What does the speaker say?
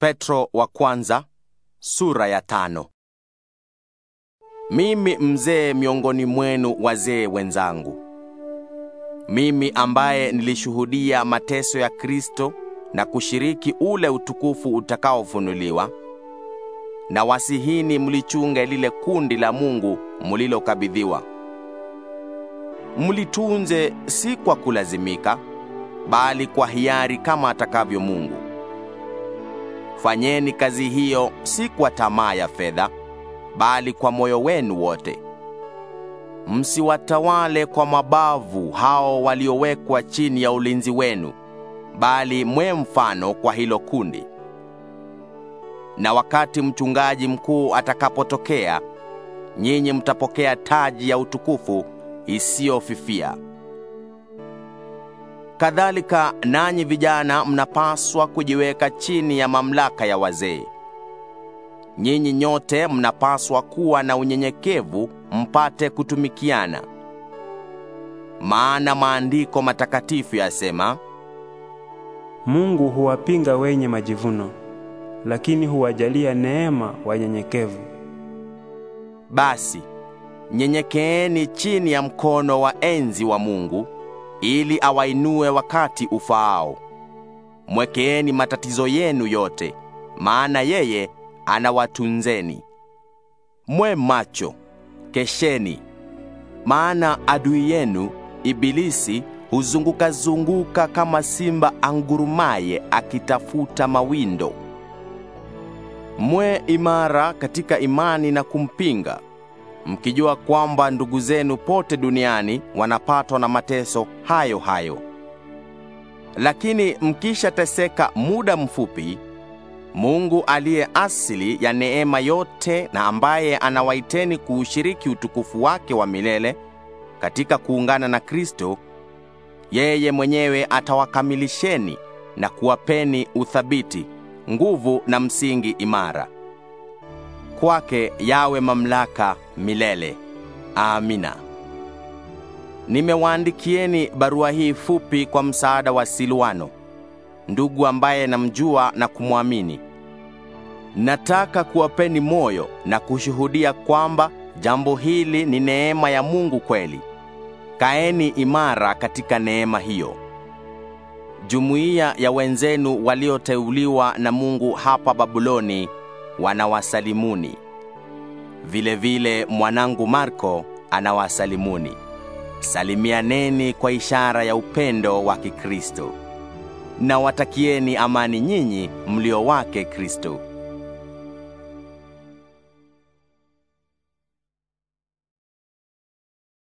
Petro wa kwanza, sura ya tano. Mimi mzee miongoni mwenu wazee wenzangu, mimi ambaye nilishuhudia mateso ya Kristo na kushiriki ule utukufu utakaofunuliwa, na wasihini mlichunge lile kundi la Mungu mlilokabidhiwa, mlitunze si kwa kulazimika, bali kwa hiari kama atakavyo Mungu Fanyeni kazi hiyo si kwa tamaa ya fedha, bali kwa moyo wenu wote. Msiwatawale kwa mabavu hao waliowekwa chini ya ulinzi wenu, bali mwe mfano kwa hilo kundi. Na wakati mchungaji mkuu atakapotokea, nyinyi mtapokea taji ya utukufu isiyofifia. Kadhalika nanyi vijana mnapaswa kujiweka chini ya mamlaka ya wazee. Nyinyi nyote mnapaswa kuwa na unyenyekevu mpate kutumikiana. Maana maandiko matakatifu yasema, Mungu huwapinga wenye majivuno, lakini huwajalia neema wanyenyekevu. Basi nyenyekeeni chini ya mkono wa enzi wa Mungu ili awainue wakati ufaao. Mwekeeni matatizo yenu yote, maana yeye anawatunzeni. Mwe macho, kesheni, maana adui yenu Ibilisi huzunguka zunguka kama simba angurumaye akitafuta mawindo. Mwe imara katika imani na kumpinga mkijua kwamba ndugu zenu pote duniani wanapatwa na mateso hayo hayo. Lakini mkishateseka muda mfupi, Mungu aliye asili ya neema yote na ambaye anawaiteni kuushiriki utukufu wake wa milele katika kuungana na Kristo, yeye mwenyewe atawakamilisheni na kuwapeni uthabiti, nguvu na msingi imara kwake yawe mamlaka milele. Amina. Nimewaandikieni barua hii fupi kwa msaada wa Silwano, ndugu ambaye namjua na kumwamini. Nataka kuwapeni moyo na kushuhudia kwamba jambo hili ni neema ya Mungu kweli. Kaeni imara katika neema hiyo. Jumuiya ya wenzenu walioteuliwa na Mungu hapa Babuloni wanawasalimuni. Vilevile mwanangu Marko anawasalimuni. Salimianeni kwa ishara ya upendo wa Kikristo. Na watakieni amani nyinyi mlio wake Kristo.